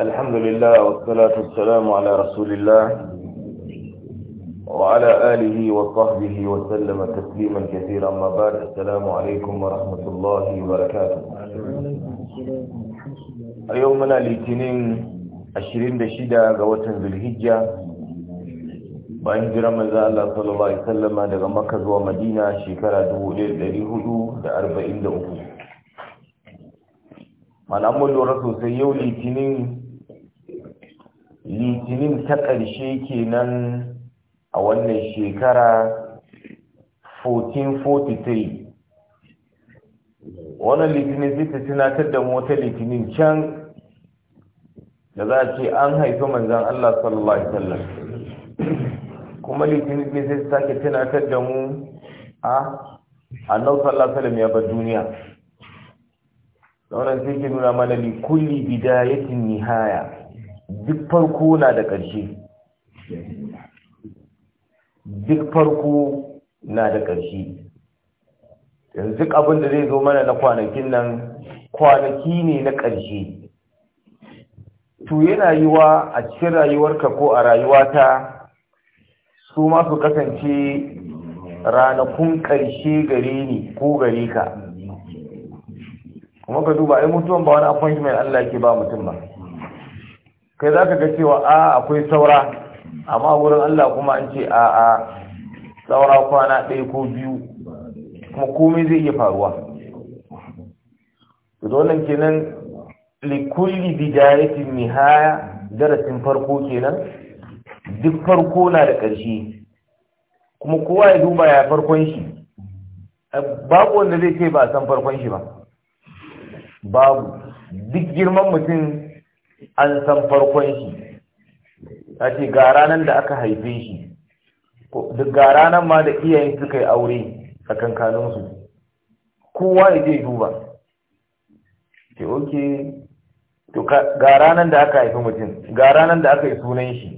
الحمد لله والصلاة والسلام على رسول الله وعلى آله وصحبه وسلم تسليما كثيرا ما بعد السلام عليكم ورحمة الله وبركاته يومنا الاثنين 26 ga watan Zulhijja bayan jiran manzo Allah sallallahu alaihi wasallam daga Makka zuwa Madina shekara 1443 malamun lura sosai yau litinin litinin ta ƙarshe kenan a wannan shekara 1443 wannan litinin zai ta tunatar da mota litinin can da za a ce an haifi manzan Allah sallallahu Alaihi wasallam kuma litinin ne sai sake tunatar da mu a annau sallallahu Alaihi ya bar duniya da wannan sai ke nuna mana likulli bidayatin nihaya duk farko na da ƙarshe duk farko na da ƙarshe yanzu abin da zai zo mana na kwanakin nan kwanaki ne na ƙarshe to yana wa a cikin rayuwarka ko a rayuwata su ma su kasance ranakun ƙarshe gare ni ko gare ka kuma ka duba ai mutuwan ba wani appointment Allah ke ba mutum ba kai za ka ga cewa a akwai saura amma wurin Allah kuma an ce a a saura kwana ɗaya ko biyu kuma komai zai iya faruwa da wannan kenan likulli bidayatin nihaya darasin farko kenan duk farko na da ƙarshe kuma kowa ya duba ya farkon shi babu wanda zai ce ba san farkon shi ba babu duk girman mutum an san farkon shi a ce ga ranar da aka haife shi ga ranar ma da iyayen suka yi aure a kankaninsu kowa ya je duba ke oke to ga ranar da aka haifi mutum ga ranar da aka yi sunan shi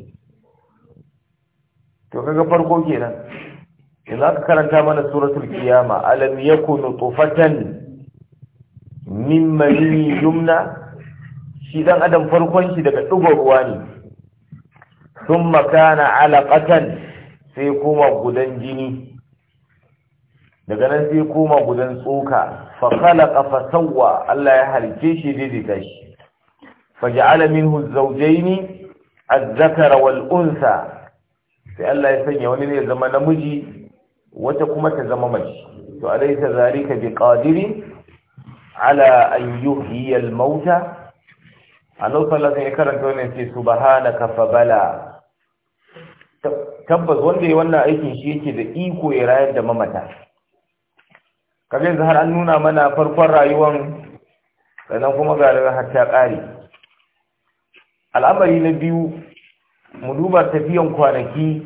to kaga farko kenan yanzu aka karanta mana suratul kiyama alam yakunu tufatan min mali yumna shi dan adam farkon shi daga ɗigon ruwa ne sun makana alaƙatan sai kuma gudan jini daga nan sai kuma gudan tsoka ƙafa sauwa. Allah ya halice shi daidaita shi faja'ala minhu zawjaini az-zakara wal unsa sai Allah ya sanya wani ne zama namiji wata kuma ta zama mace to alaysa zalika biqadirin ala an yuhyiya al-mauta annabi sallallahu alaihi zai ya karanta wannan ce subhanaka fa bala tabbas wanda ya wannan aikin shi yake da iko ya rayar da mamata kaga zahar har an nuna mana farkon rayuwar sannan kuma ga har ta ƙare al'amari na biyu mu duba tafiyan kwanaki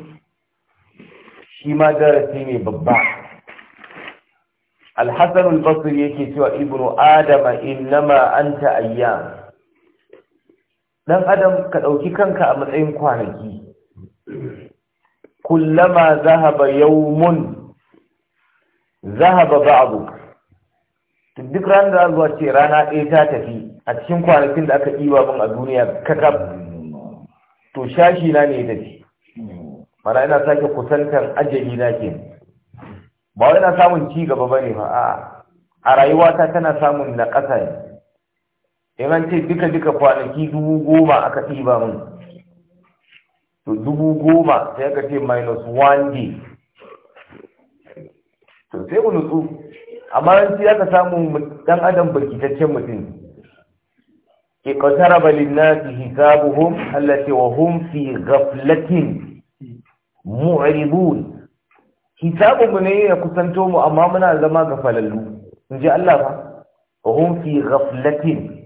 shi ma darasi ne babba alhassan al-basri yake cewa ibnu adama ma anta ayyam dan adam ka ɗauki kanka a matsayin kwanaki kullama zahaba yawmun zahaba ba'du duk ranar da zuwa ce rana ɗaya ta tafi a cikin kwanakin da aka ɗiba min a duniya kaka to shashi na ne tafi mana ina sake kusantar ajali na ke ba wai na samun ci gaba bane ba a a rayuwata tana samun na ƙasa ne yana ce duka duka kwanaki dubu goma aka ɗiba mun to dubu goma sai aka ce minus one day to sai mu nutsu amma ran ci ka samu dan adam bakitaccen mutum ke kasara balin nasi hisabuhum allati wa hum fi ghaflatin mu'ribun hisabu mu ne ya kusanto mu amma muna zama gafalallu in ji Allah fa wa hum fi ghaflatin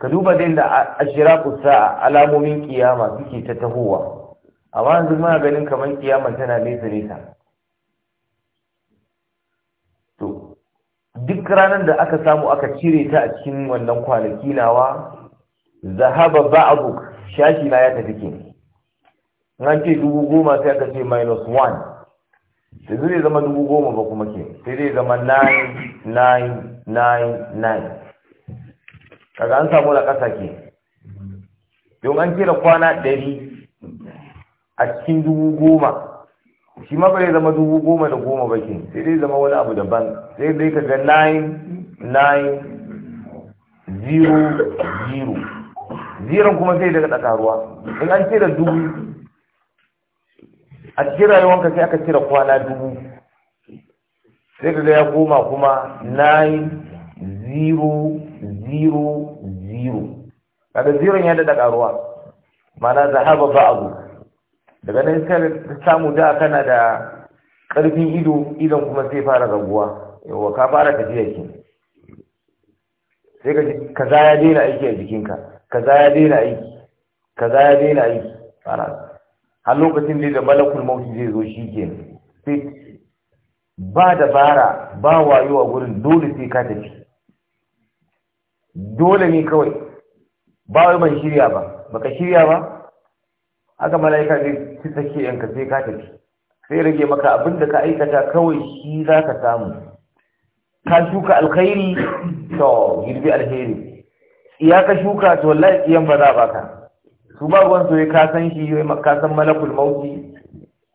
ka duba dai da ashiraku sa'a alamomin kiyama suke ta tahowa amma yanzu muna ganin kamar kiyama tana nesa nesa to duk ranar da aka samu aka cire ta a cikin wannan kwanaki nawa zahaba ba'duk shashi na ya tafi ke nan ce dubu goma sai aka ce minus one sai zai zama dubu goma ba kuma ke sai zai zama nine nine nine nine kaga an samu na ƙasa ke don an kira kwana ɗari a cikin dubu goma shi ma bai zama dubu goma da goma ba ke sai dai zama wani abu daban sai dai ka ga 9900 ziran kuma sai daga tsakaruwa in an kira dubu a cikin rayuwanka sai aka kira kwana dubu sai ka ga ya goma kuma zero. zero zero kaga ziron ya daɗa ƙaruwa mana zahaba ba abu daga nan sai samu da kana da ƙarfin ido idan kuma sai fara raguwa yawa ka fara tafiya ke sai ka kaza ya daina aiki a jikinka kaza ya daina aiki kaza ya daina aiki fara har lokacin da da malakul mauti zai zo shi ke sai ba dabara ba wayo a gurin dole sai ka tafi dole ne kawai ba wai ban shirya ba baka shirya ba Aka mala'ika ne ci take yanka sai ka tafi sai rage maka abin da ka aikata kawai shi za ka samu ka shuka alkhairi to girbi alheri Ya ka shuka to wallahi iyan ba za ba ka su ba ruwan soye ka san shi ka san malakul mauti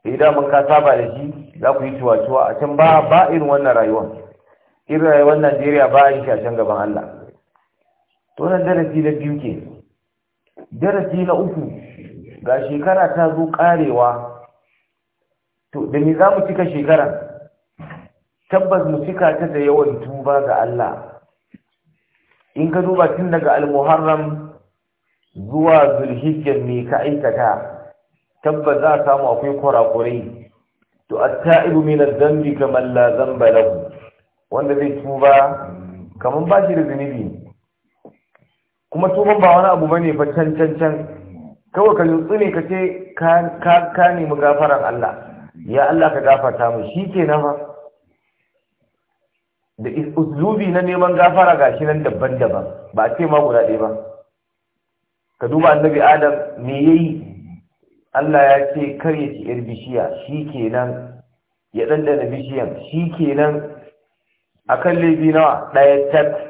idan eh, mun ka saba da shi za ku yi ciwa a can ba ba irin wannan rayuwar irin rayuwar Najeriya ba a yi shi a can gaban Allah to darasi na biyu ke darasi na uku ga shekara ta zo karewa to da ni za mu cika shekara tabbas mu cika ta da yawan tuba ga Allah in ka duba tun daga al-muharram zuwa zulhijjar ne ka aikata tabbas za a samu akwai kurakurai to at-ta'ibu min adh-dhanbi kaman la dhanba lahu wanda zai tuba kaman ba shi da zunubi kuma tuban ba wani abu bane ba can can can kawai ka yutsu ne ka ce ka nemi gafaran Allah ya Allah ka gafarta mu shi ke nama. da uslubi na neman gafara gashi nan daban-daban ba a ce ma guda ɗaya ba ka duba annabi adam me ya yi? Allah ya ce kar ya ci yar bishiya shi ke nan ya ɗanɗana bishiyan shi ke nan a kan laifi nawa ɗaya tak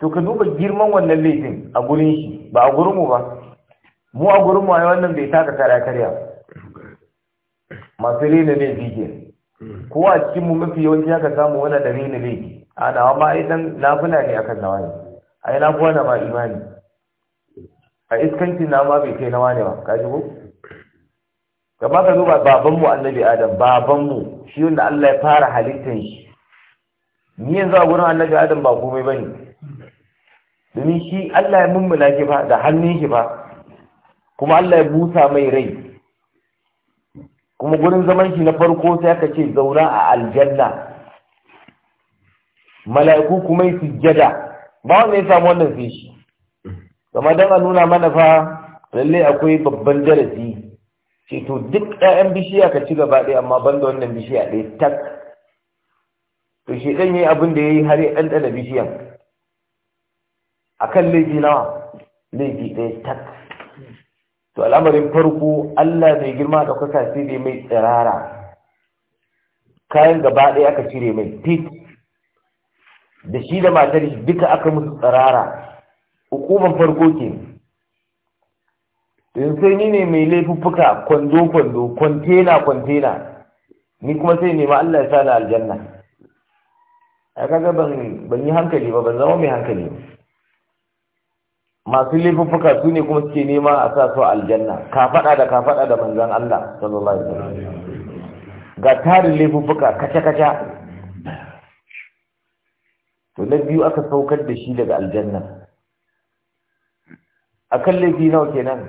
to ka duba girman wannan laifin a gurin shi ba a gurinmu ba mu a gurinmu a wannan bai taka karya karya masu rena laifi ke kowa a cikinmu mafi yawanci aka samu wani da rena laifi a nawa ma ai dan nafila ne akan nawa ne ai na kuwa na ma imani a iskanci na ma bai kai nawa ne ba ka ji ko gaba ka duba babanmu annabi adam babanmu shi wanda Allah ya fara halittar shi ni yanzu a gurin annabi adam ba komai ne. domin shi Allah ya mummuna shi ba da hannun shi ba, kuma Allah ya busa mai rai kuma gurin zaman shi na farko sai aka ce zauna a aljanna mala'iku kuma yi sujjada ba wanda ya samu wannan sai shi kuma dan a nuna mana fa lallai akwai babban darasi ce to duk ɗayan bishiya ka ci gaba ɗaya amma ban wannan bishiya ɗaya tak to shi ɗan yi abin da ya yi har ya ɗanɗana bishiyan akan laifi nawa laifi ɗaya tak to al'amarin farko Allah mai girma da kuka sai mai tsirara kayan gaba ɗaya aka cire mai tit. da shi da matar duka aka musu tsirara hukuman farko ke yin sai ni ne mai laifuffuka kwando-kwando kwantena-kwantena ni kuma sai nema Allah ya sa na aljanna a kaga ban yi hankali ba ban zama mai hankali ba masu laifuffuka su ne kuma suke nema a sa su aljanna ka faɗa da ka faɗa da manzan Allah sallallahu alaihi wasallam ga tarin laifuffuka kaca kaca to na biyu aka saukar da shi daga aljanna akan laifi nawa kenan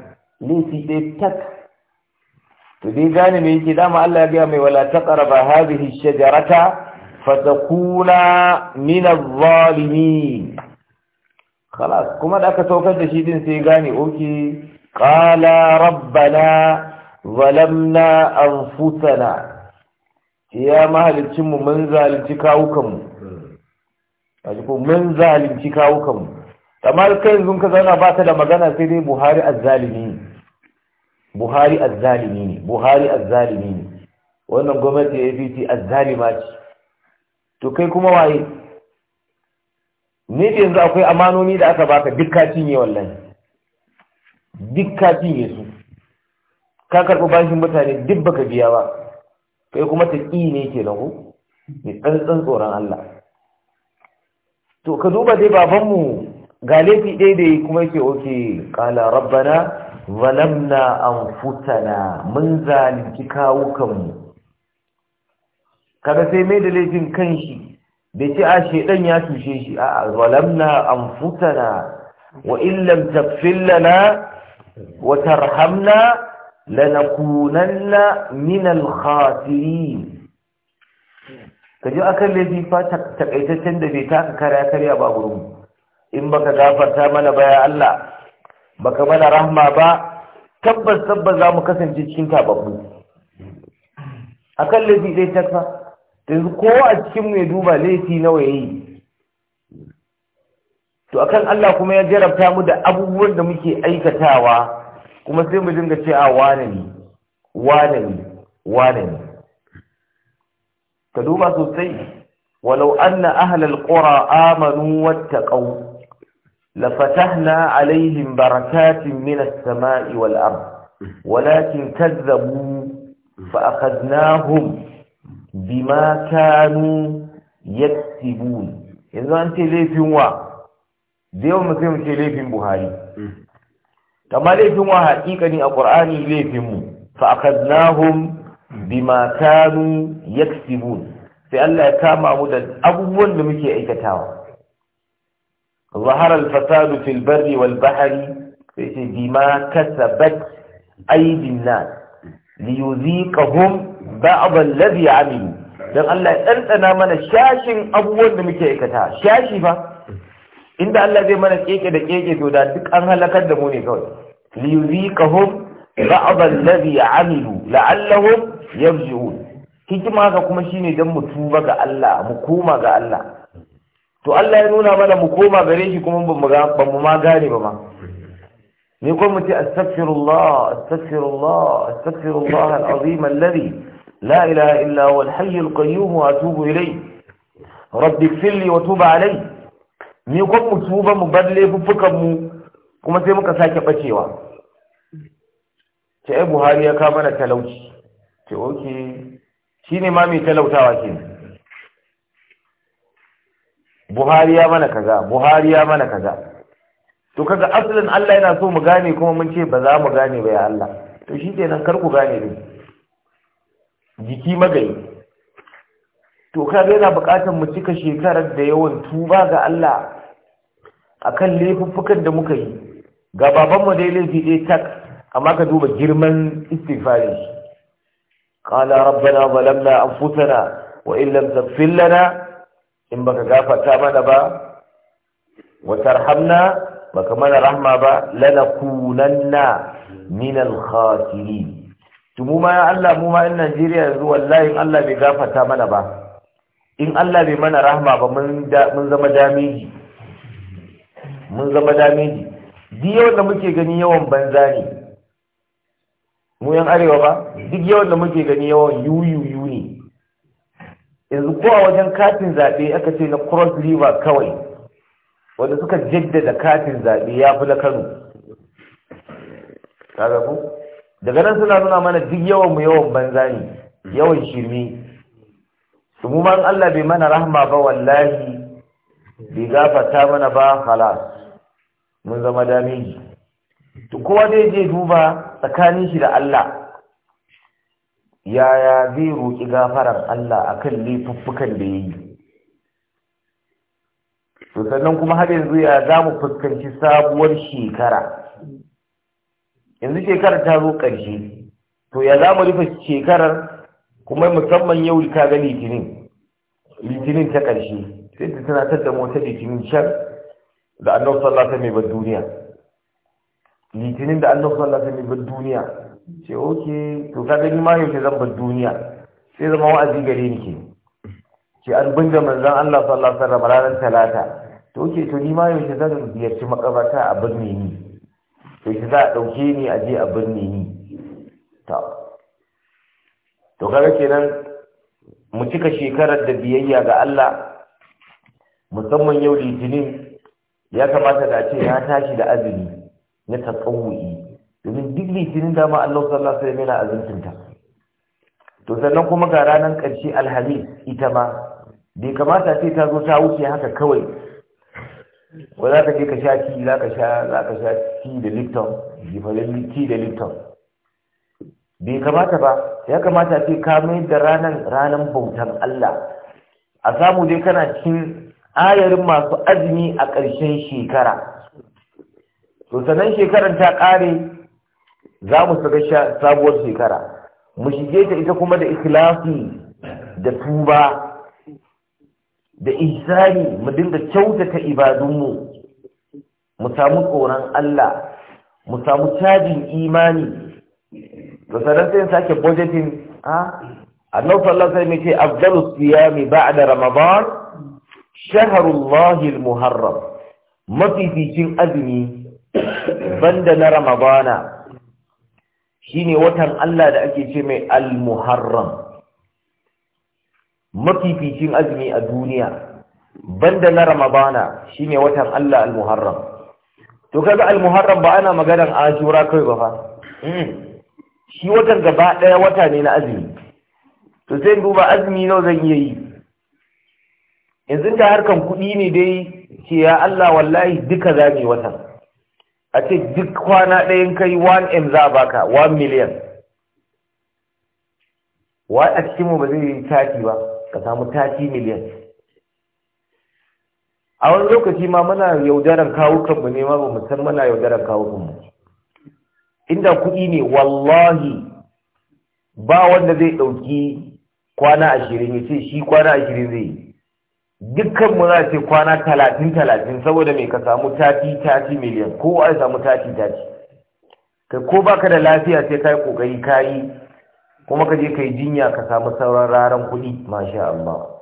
laifi ɗaya tak to dai gane me yake dama Allah ya gaya mai wala taqraba hadhihi shajarata fatakuna min adh-dhalimin خلاص kuma da aka saukar da shi din sai gane oke qala انفسنا يا anfusana من mahalicin mu mun من kawukan mu mun mu kamar kai yanzu ka zauna ba ta da magana sai dai Buhari azzalimi Buhari azzalimi wannan gwamnati APC azzalima ce to kai kuma waye ne da yanzu akwai amanoni da aka baka duk ka cinye wallahi duk ka cinye su ka karɓi bashin mutane duk baka biya ba kai kuma ta ƙi ne ke ku mai tsantsan tsoron Allah to ka duba dai babanmu ga laifi ɗaya da kuma yake oke ƙala rabbana zalamna anfutana mun zalunci kawukanmu kada sai mai da laifin kanshi bai ce a ah, shedan ya tushe shi a zalamna anfusana wa illam taghfir lana wa tarhamna lanakunanna min al-khasirin kaje akan laifi fa takaitaccen da bai taka karya karya ba gurin in baka gafarta mana baya Allah baka mana rahma ba tabbas tabbas za mu kasance cikin tababbu akan laifi dai takfa yanzu kowa a cikin mai duba laifi nawa yayi to akan Allah kuma ya jarabta mu da abubuwan da muke aikatawa kuma sai mu dinga cewa wane ne wane ne wane ne ka duba sosai walau anna ahlal qura amanu wattaqaw لفتحنا عليهم بركات من السماء والأرض ولكن كذبوا فأخذناهم bima kanu yaktibun yanzu an ce laifin wa da yawan mutum ce laifin buhari kamar mm. laifin wa ne a ƙur'ani laifin mu fa akadnahum bima kanu yaktibun sai Allah ya kama mu da abubuwan da muke aikatawa ظهر الفساد في البر والبحر بما كسبت أيدي الناس ليذيقهم ba'd alladhi amilu dan Allah ya ɗanɗana mana shashin abubuwan da muke aikata shashi fa inda Allah zai mana keke da keke to da duk an halakar da mu ne kawai li yuziqahum ba'd alladhi amilu la'allahum yarji'un hikima ga kuma shine dan mu tuba ga Allah mu koma ga Allah to Allah ya nuna mana mu koma gare shi kuma ba mu ma gane ba ma ne kuma mu ce astaghfirullah astaghfirullah astaghfirullah al-azim alladhi لا إله إلا هو الحي القيوم وأتوب إليه رب اغفر لي وتوب علي ni kwan mu tuba mu bar laifuffukan kuma sai muka sake bacewa ce ai buhari ya kama na talauci ce oke shi ne ma mai talautawa ke buhari ya mana kaza buhari ya mana kaza to kaga asalin allah yana so mu gane kuma mun ce ba za mu gane ba ya allah to shi kenan kar ku gane ne jiki magayi to kaga yana buƙatar mu cika shekarar da yawan tuba ga Allah akan laifuffukan da muka yi ga babanmu dai laifi dai tak amma ka duba girman istighfarin shi qala rabbana zalamna anfusana wa in lam taghfir lana in baka gafarta mana ba wa tarhamna baka mana rahma ba lanakunanna min al-khasirin to mu ma ya Allah mu ma in Najeriya yanzu wallahi in Allah bai gafarta mana ba in Allah bai mana rahma ba mun mun zama damiji mun zama damiji duk yawan da muke gani yawan banza ne mu yan arewa ba duk yawan da muke gani yawan yuyuyu ne yanzu ko a wajen katin zaɓe aka ce na cross river kawai wanda suka jaddada katin zaɓe ya fi na kano ka ku daga nan suna nuna mana duk yawan mu yawan banza ne yawan shirme su Allah bai mana rahma ba wallahi bai gafata mana ba halas mun zama dameji to kowa zai je duba tsakanin shi da Allah yaya zai roƙi gafaran Allah a kan laifuffukan da ya yi sannan kuma har yanzu ya za mu fuskanci sabuwar shekara yanzu shekarar ta zo ƙarshe to ya za mu rufe shekarar kuma musamman yau ka ga litinin litinin ta ƙarshe sai ta tunatar da mota litinin shan da annabi sallallahu mai ban duniya litinin da annabi sallallahu mai ban duniya ce oke to ka gani ma yau zan bar duniya sai zama wa'azi gare ni ke ce an binne manzan Allah sallallahu alaihi wasallam ranar talata to ke to ni ma yau zan ziyarci makabata a birni ni sai za a ɗauke ni a je a birni ni ta to kaga kenan mu cika shekarar da biyayya ga Allah musamman yau litinin ya kamata da ce ya tashi da azumi na tasawu'i domin duk litinin dama Allah sallallahu alaihi wasallam yana ta? to sannan kuma ga ranar ƙarshe alhamis ita ma bai kamata sai ta zo ta wuce haka kawai ba za ka je ka sha ti za ka sha za ka sha ti da lipton ti da lipton bai kamata ba ya kamata ce ka mai da ranar ranar bautan Allah a samu dai kana cikin ayarin masu azumi a ƙarshen shekara to sanan shekaran ta ƙare za mu saka sabuwar shekara mu shige ta ita kuma da ikhlasi da tuba da ihsani mu dinga kyautata ibadunmu mu samu tsoron Allah mu samu cajin imani da sanar sai sake budgeting a ah, annabi sallallahu alaihi wasallam ce afdalus siyami ba'da ramadan shahrullahi almuharram mafificin azumi banda na ramadana shine watan Allah da ake ce mai almuharram mafificin azumi a duniya banda na ramadana shine watan Allah al-muharram to kaga al-muharram ba ana maganar ashura kai ba fa mm. shi watan gaba daya wata ne na azumi to sai duba azumi nawa zan iya yi yanzu da harkan kuɗi ne dai ce ya Allah wallahi duka za mu watan a ce duk kwana ɗayan kai 1m za a baka 1 million wa a cikinmu ba zai yi tafi ba ka samu tati miliyan a wani lokaci ma muna yaudaran kawukanmu ne ma ba mu san yaudarar yaudaran kawukanmu inda kuɗi ne wallahi ba wanda zai ɗauki kwana ashirin ya ce shi kwana ashirin zai yi dukkan mu za ce kwana talatin talatin saboda mai ka samu tati tati miliyan ko a samu tati tati kai ko baka da lafiya sai kai kokari kayi kuma ka je ka yi jinya ka samu sauran raran kuɗi masha Allah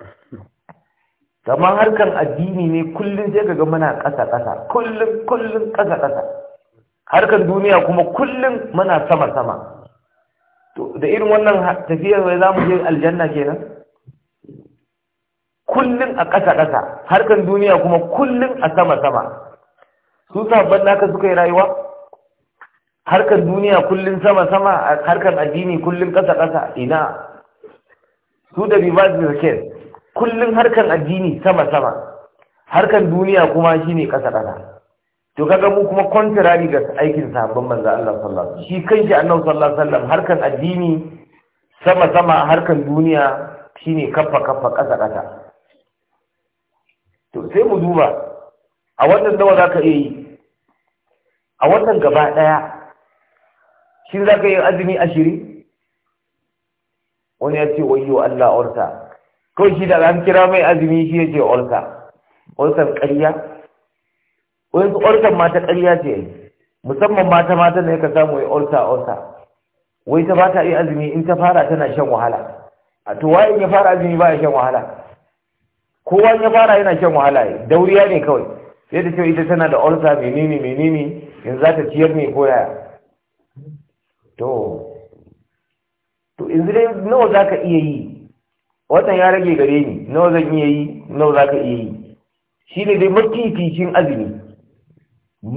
kamar harkan addini ne kullum sai ka ga muna ƙasa ƙasa kullum kullum ƙasa ƙasa harkan duniya kuma kullum muna sama sama to da irin wannan tafiyar wai za mu je aljanna kenan kullum a ƙasa ƙasa harkan duniya kuma kullum a sama sama su sabon naka suka yi rayuwa harkar duniya kullum sama-sama a harkar addini kullum ƙasa-ƙasa ina su da rivers market kullum harkar addini sama-sama harkar duniya kuma shine ƙasa-ƙasa to kaga mu kuma contrary ga aikin sahabban manzo Allah sallallahu alaihi wasallam shi kanshi annabi sallallahu alaihi wasallam harkar addini sama-sama harkar duniya shine kafa-kafa ƙasa-ƙasa to sai mu duba a wannan nawa zaka iya yi a wannan gaba ɗaya shi za ka yi azumi ashirin wani ya ce wayo Allah orta kawai shi da an kira mai azumi shi ya ce orta ortan ƙarya wani ortan mata ƙarya ce musamman mata mata ne ka samu ya orta orta wai ta ta yi azumi in ta fara tana shan wahala a to waye ya fara azumi ba ya shan wahala kowa ya fara yana shan wahala dauriya ne kawai sai ta cewa ita tana da orta menene menene yanzu za ta ciyar ne ko yaya to to yanzu dai nawa za ka iya yi watan ya rage gare ni nawa zan iya yi nawa za ka iya yi shi ne dai mafificin azumi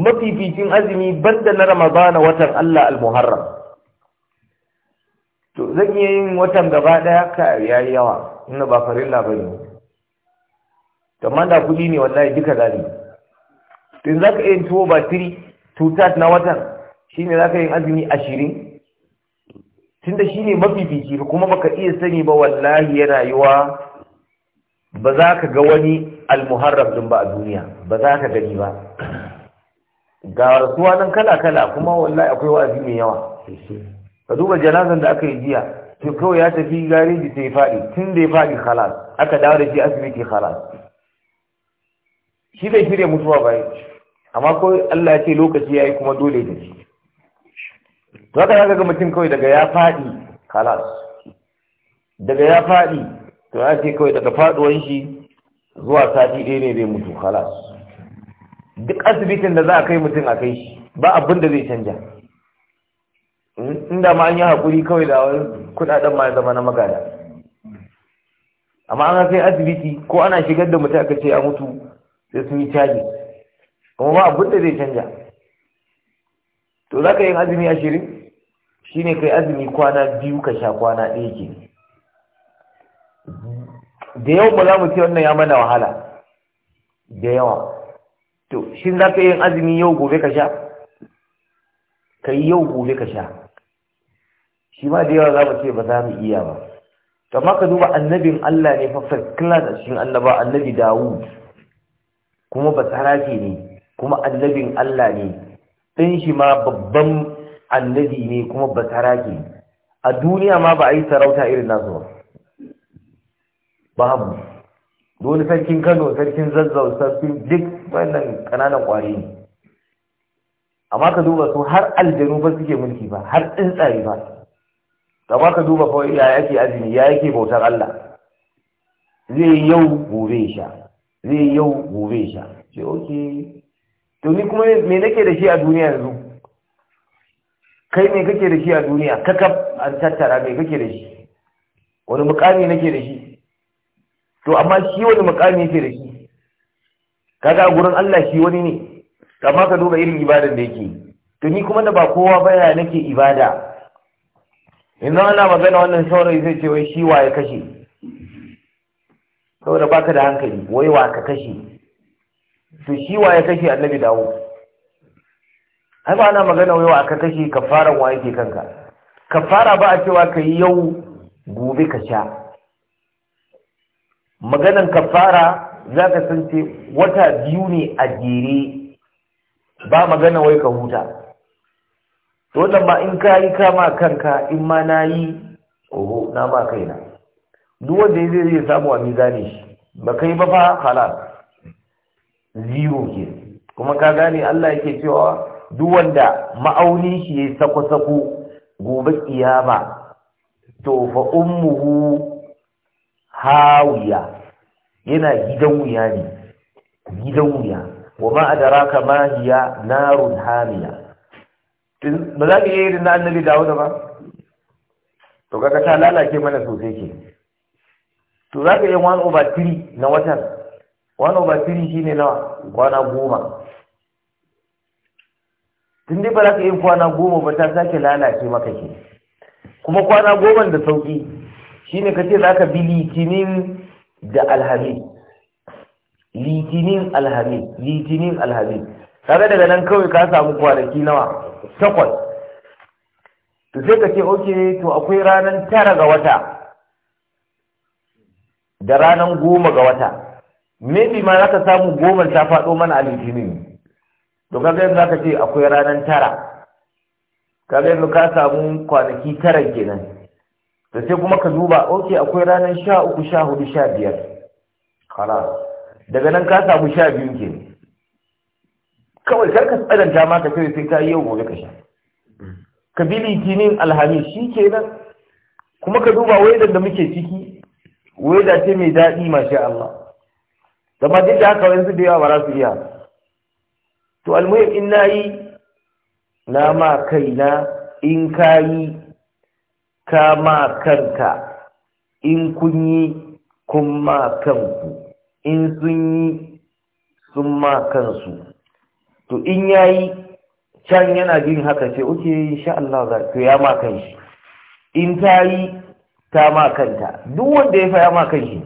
mafificin azumi banda na ramadana watan allah al-muharram to zan iya yin watan gaba daya ka yi yawa ina ba farin ba ne kamar da kudi ne wallahi duka zani In za ka iya tuwo ba tiri tutat na watan shi ne za ka yin azumi ashirin tunda mafi mafifici kuma baka iya sani ba wallahi yana rayuwa ba za ka ga wani almuharram din ba a duniya ba za ka gani ba ga rasuwa nan kala kala kuma wallahi akwai wa'azi mai yawa ka duba janazan da aka yi jiya to kawai ya tafi gareji sai fadi tun da ya fadi khalas aka dawo da shi asibiti khalas shi bai shirya mutuwa ba amma ko Allah ya ce lokaci yayi kuma dole da shi to haka ya ga mutum kawai daga ya faɗi kalas daga ya faɗi to ya ce kawai daga faɗuwan shi zuwa sati ɗaya ne zai mutu kalas duk asibitin da za a kai mutum a kai shi ba abin da zai canja inda ma an yi haƙuri kawai da wani kuɗaɗen ma ya zama na magana amma an sai asibiti ko ana shigar da mutum aka ce ya mutu sai sun yi caji kuma ba abin da zai canja to za ka yi azumi ashirin shine kai azumi kwana biyu ka sha kwana ɗaya ke da yau ba za mu ce wannan ya mana wahala da yawa to shin za ka yin azumi yau gobe ka sha ka yi yau gobe ka sha shi ma da yawa za mu ce ba za mu iya ba amma ka duba annabin Allah ne fafar class a cikin annaba annabi Dawud kuma basarake ne kuma annabin Allah ne ɗin shi ma babban annabi ne kuma basarake a duniya ma ba a yi sarauta irin nasu ba babu dole sarkin kano sarkin zazzau sarkin duk wannan kananan kwari ne amma ka duba su har aljanu ba suke mulki ba har tsuntsaye ba amma ka duba fa ya yake azumi ya yake bautar Allah zai yau gobe sha zai yau gobe sha ce oke to ni kuma me nake da shi a duniya yanzu kai me kake da shi a duniya kakaf a tattara me kake da shi wani mukami nake da shi to amma shi wani mukami yake da shi kaga gurin Allah shi wani ne amma ka duba irin ibadan da yake to ni kuma da ba kowa ba ya nake ibada yanzu ana magana wannan saurayi zai ce wai shi waye kashe saboda baka da hankali wai wa ka kashe to shi waye kashe annabi dawo ai ba ana magana yau aka kashe kafaran wa yake kanka kafara ba a cewa ka yi yau gobe ka sha maganan kafara za ka san ce wata biyu ne a jere ba magana wai ka huta to wannan ma in ka yi kama kanka in ma na yi oho na ma kaina duk wanda zai zai samu a mizani shi ba kai ba fa halal. zero ke kuma ka gane Allah yake cewa duk wanda ma'auni shi ya sako-sako gobe kiyama to fa ummuhu hawiya yana gidan wuya ne gidan wuya wa ma adraka ma hiya narun hamiya ba za ka yi irin na annabi da ba to kaga ta lalace mana sosai ke to za ka yi 1 over 3 na watan 1 over 3 shine nawa kwana goma tun dai ba za ka yi kwana goma ba ta sake lalace maka ke kuma kwana goma da sauki shine ka ce za ka bi litinin da alhamis litinin alhamis litinin alhamis kaga daga nan kawai ka samu kwanaki nawa takwas to sai ka ce oke to akwai ranar tara ga wata da ranar goma ga wata maybe ma za ka samu goma ta faɗo mana a litinin to kaga yanzu zaka ce akwai ranar tara kaga yanzu ka samu kwanaki tara kenan to sai kuma ka duba ok akwai ranar sha uku sha hudu sha biyar kala daga nan ka samu sha biyu ke kawai kar ka tsananta ma ka kai sai ka yi yau gobe ka sha ka bi litinin alhamis shi ke nan kuma ka duba waidar da muke ciki waida ce mai daɗi masha Allah zama duk da haka yanzu da yawa ba za su iya to almuhim in nayi na ma kaina in kayi ka ma kanka in kun yi kun ma kanku in sun yi sun ma kansu to in yayi can yana jin haka ce uke insha Allah za to ya ma shi. in ta yi ta ma kanta duk wanda ya faya ma shi?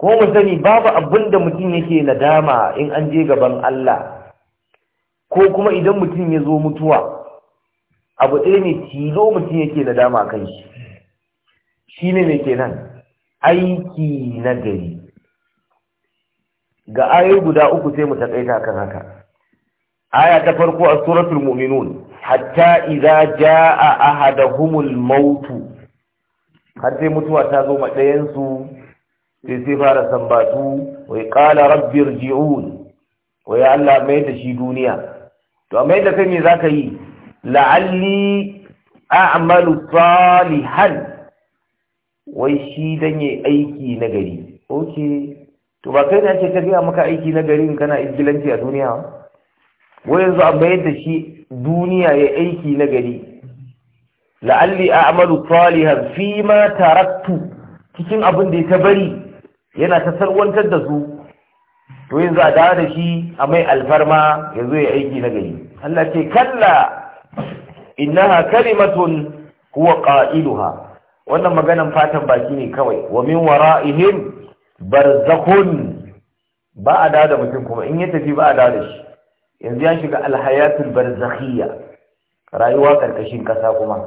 ko mu sani babu abinda mutum yake nadama in an je gaban Allah ko kuma idan mutum ya zo mutuwa abu ɗaya ne tilo mutum yake na dama kan shi shi ne ke nan, aiki na gari ga ayar guda uku sai mu taƙaita kan haka aya ta farko a suratul mu'minun hatta idza jaa ahadahumul maut har sai mutuwa ta zo ɗayan su sai sai fara sambatu wai qala rabbi irji'un wai Allah mai da shi duniya to amma yadda kai me za ka yi la'alli a'malu salihan wai shi dan yi aiki na gari okay to ba kai ne ake tafiya maka aiki na gari in kana izgilanci a duniya wai yanzu a mayar da shi duniya ya aiki na gari la'alli a'malu salihan fi ma taraktu cikin abin da ya ta bari yana ta sarwantar da su to yanzu a dawo da shi a mai alfarma ya zo ya aiki na gari Allah ce kalla innaha kalimatun huwa qailuha wannan maganan fatan baki ne kawai wa min wara'ihim barzakhun ba a dawo da mutum kuma in ya tafi ba a dawo da shi yanzu ya shiga alhayatul barzakhiyya rayuwa karkashin kasa kuma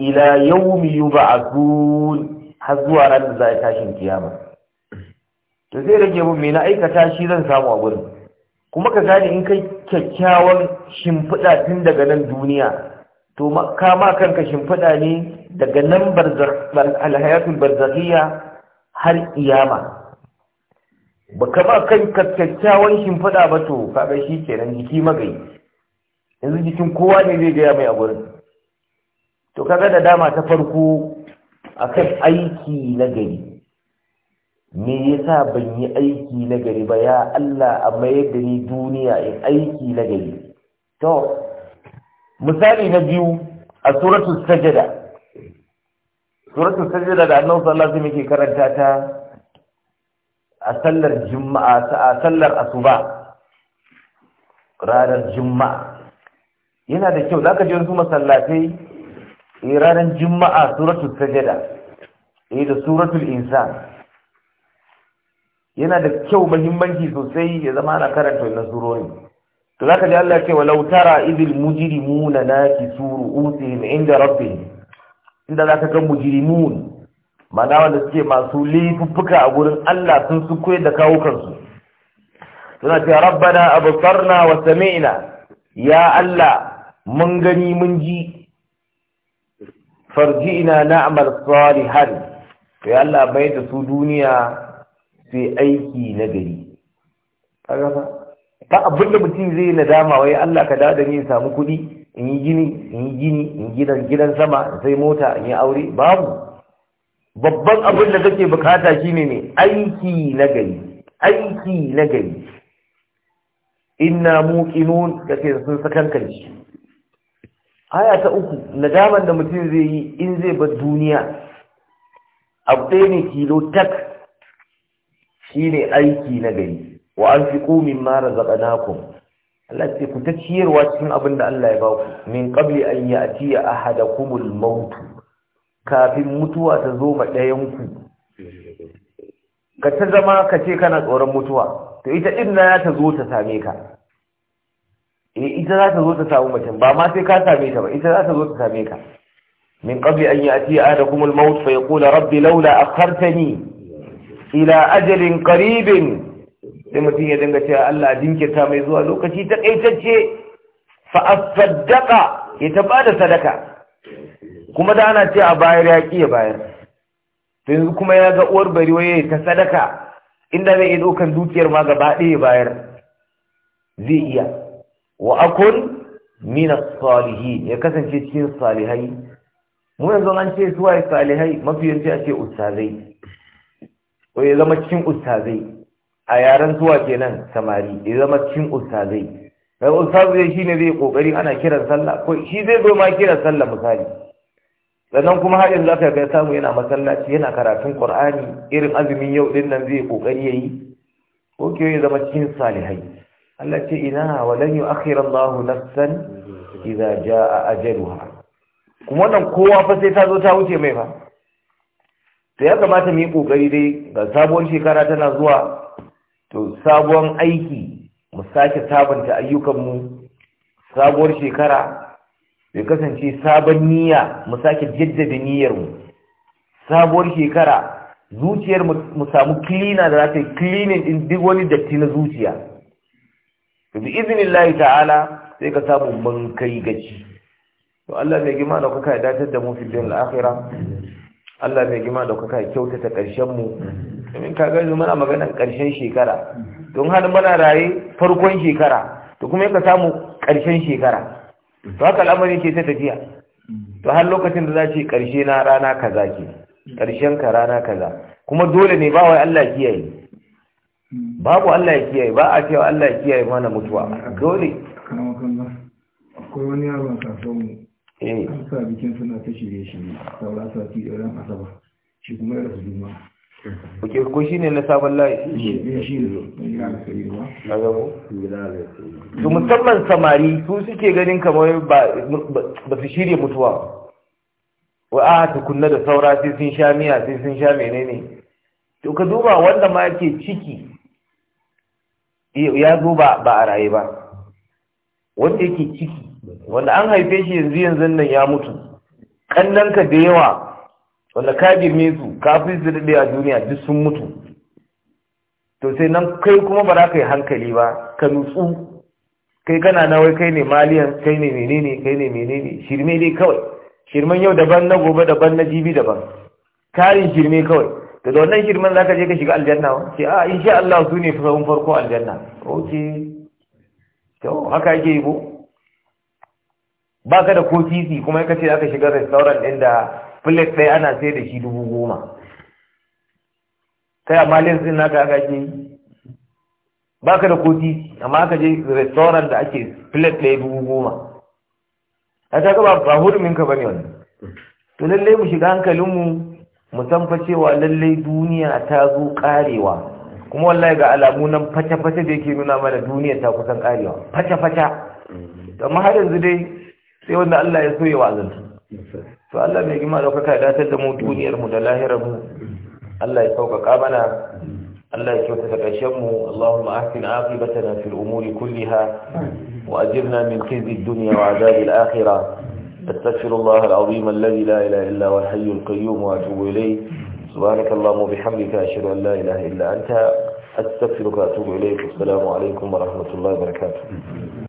ila yawmi yub'athun har zuwa ran da za a tashin kiyama to zai rage mun me na aikata shi zan samu a gurin kuma ka gane in kai kyakkyawan shimfiɗa tun daga nan duniya to ka ma kanka shimfiɗa ne daga nan alhayatul barzakiya har iyama ba ka ma kanka kyakkyawan shimfiɗa ba to kaga shi nan, jiki magai yanzu jikin kowa ne zai gaya mai a gurin to kaga da dama ta farko akan aiki na gari me yasa ban yi aiki na gari ba ya Allah a mayar da ni duniya in aiki na gari to misali na biyu a suratul sajada suratul sajada da Allah sallallahu alaihi wasallam karanta ta a sallar juma'a a sallar asuba ranar juma'a yana da kyau zaka ji wasu masallatai eh ranar juma'a suratul sajada eh da suratul insan yana da kyau mahimmanci sosai ya zama ana karanta wannan surori to zaka ji Allah ce walau tara idil mujrimuna nakisuru usihim inda rabbihim inda zaka ga mujrimun mana wanda suke masu lifuffuka a gurin Allah sun su da kawo kansu suna ce rabbana absarna wa sami'na ya Allah mun gani mun ji farji'na na'mal salihan to ya Allah bai da su duniya sai aiki na gari ta abinda mutum zai nadama wai Allah ka dawo da ni samu kuɗi in yi gini in yi gini in gidan gidan sama sai mota in yi aure babu babban abin da kake bukata shine ne aiki na gari aiki na gari inna muqinun kace sun sakan kanshi aya ta uku nadaman da mutum zai yi in zai bar duniya abu ɗaya ne kilo tak shine aiki na gari wa anfiqu mimma razaqnakum Allah ce ku ta ciyarwa cikin abin da Allah ya ba ku min qabli an hada kumul maut kafin mutuwa ta zo ma ɗayan ku ka ta zama ka ce kana tsoron mutuwa to ita din na ta zo ta same ka eh ita za ta zo ta samu mutum ba ma sai ka same ta ba ita za ta zo ta same ka min qabli an hada kumul maut fa yaqulu rabbi laula akhartani ila ajalin qaribin sai mutum ya dinga cewa Allah jinkirta mai zuwa lokaci ta kaitacce fa asaddaqa ya ta bada sadaka kuma da ana ce a bayar ya ki ya bayar to yanzu kuma ya ga uwar bari waye ta sadaka inda zai iya dokan dukiyar ma gaba ɗaya bayar zai iya wa akun min salihi ya kasance cikin salihai mu yanzu an ce suwaye salihai mafi yanzu a ce ustazai ko ya zama cikin ustazai a yaren zuwa kenan samari ya zama cikin ustazai Sai ustazu shine zai kokari ana kiran sallah ko shi zai zo ma kiran sallah misali sannan kuma har yanzu aka ga samu yana masallaci yana karatun Qur'ani irin azumin yau din nan zai kokari yayi ko ke ya zama cikin salihai Allah ce ina lan yu'akhiru Allahu nafsan idza jaa ajaluha kuma wannan kowa fa sai ta zo ta wuce mai fa to ya kamata mu yi kokari dai ga sabuwar shekara tana zuwa to sabuwar aiki mu sake sabunta ayyukanmu sabuwar shekara bai kasance sabon niyya mu sake jaddada niyyarmu sabuwar shekara zuciyar mu samu cleaner da za ta yi cleaning din duk wani datti na zuciya to bi iznillahi ta'ala sai ka samu mun kai gaci to Allah mai gima da kuka datar da mu fil akhirah Allah mai gima kuka ya kyautata ƙarshen mu domin ka gani muna maganar ƙarshen shekara don hada muna raye farkon shekara to kuma yaka samu ƙarshen shekara to haka al'amarin ke ta tafiya to har lokacin da za ce ƙarshe na rana kaza ke ƙarshen ka rana kaza kuma dole ne ba wai Allah kiyaye babu Allah ya kiyaye ba a cewa Allah ya kiyaye mana mutuwa dole akwai wani yaron kasuwan Eh. an sa bikin suna ta shirye shirye saura sati ɗauran asaba shi kuma ya ko shi ne na sabon layi shi ne su musamman samari su suke ganin kamar ba su shirya mutuwa wa a ah, tukunna da saura sai sun sha miya sai sun sha menene to ka duba wanda ma yake ciki ya zo ba a raye ba wanda yake ciki wanda an haife shi yanzu yanzu nan ya mutu kannanka da yawa wanda ka girme su ka fi su daɗe a duniya duk sun mutu to sai nan kai kuma ba za ka yi hankali ba ka nutsu kai kana na wai kai ne maliyan kai ne menene kai ne menene shirme ne kawai shirman yau daban na gobe daban na jibi daban tarin shirme kawai da da wannan shirman za ka je ka shiga aljanna wa ce a ah, in sha Allah su ne fi farko aljanna ok to haka yake yi ko ba ka da kotisi kuma ya kace aka shiga restaurant ɗin da plate ɗaya ana sai da shi dubu goma kai amma lens ɗin naka aka ke ba ka da kotisi, amma aka je restaurant da ake plate ɗaya dubu goma a ta gaba ba hurumin ka bane wannan to lallai mu shiga hankalinmu mu san fa cewa lallai duniya ta zo karewa kuma wallahi ga alamu nan fata-fata da yake nuna mana duniya ta kusan karewa fata-fata amma har yanzu dai sai wanda Allah ya so ya wa'azanta to Allah mai gima daukaka ya datar da mu duniyar mu da lahirar mu Allah ya sauƙaƙa mana Allah ya kyautata ƙarshen mu Allahumma ahsin aqibatana fil umuri kulliha wa ajirna min khizi ad-dunya wa adhabi al-akhirah أستغفر الله العظيم الذي لا إله إلا هو الحي القيوم وأتوب إليه سبحانك اللهم وبحمدك أشهد أن لا إله إلا أنت أستغفرك وأتوب إليك السلام عليكم ورحمة الله وبركاته